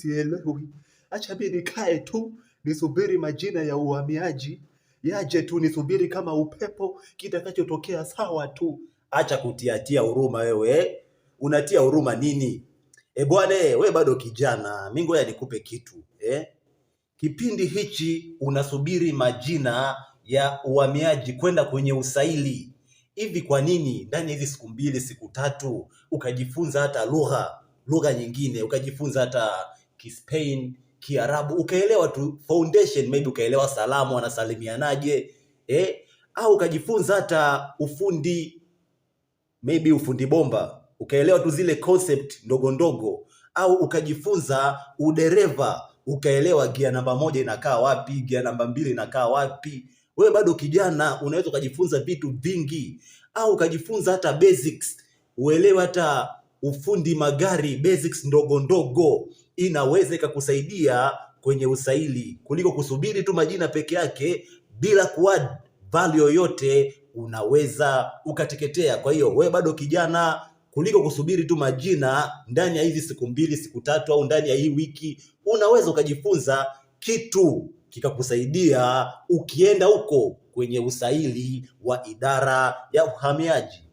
sielewi, acha mimi nikae tu nisubiri majina ya uhamiaji yaje tu, nisubiri kama upepo, kitakachotokea sawa tu. Acha kutiatia huruma wewe, unatia huruma nini? E bwana, we bado kijana, mingo ya nikupe kitu eh? Kipindi hichi unasubiri majina ya uhamiaji kwenda kwenye usaili hivi, kwa nini ndani ya hizi siku mbili siku tatu ukajifunza hata lugha lugha nyingine ukajifunza hata Kispain, Kiarabu, ukaelewa tu foundation, maybe ukaelewa salamu anasalimianaje eh, au ukajifunza hata ufundi, maybe ufundi bomba, ukaelewa tu zile concept ndogo ndogo, au ukajifunza udereva, ukaelewa gia namba moja inakaa wapi, gia namba mbili inakaa wapi. Wewe bado kijana, unaweza ukajifunza vitu vingi, au ukajifunza hata basics, uelewe hata ufundi magari basics ndogo ndogo inaweza ikakusaidia kwenye usaili kuliko kusubiri tu majina peke yake bila kuwa value yoyote, unaweza ukateketea. Kwa hiyo we bado kijana, kuliko kusubiri tu majina ndani ya hizi siku mbili siku tatu au ndani ya hii wiki, unaweza ukajifunza kitu kikakusaidia ukienda huko kwenye usaili wa idara ya uhamiaji.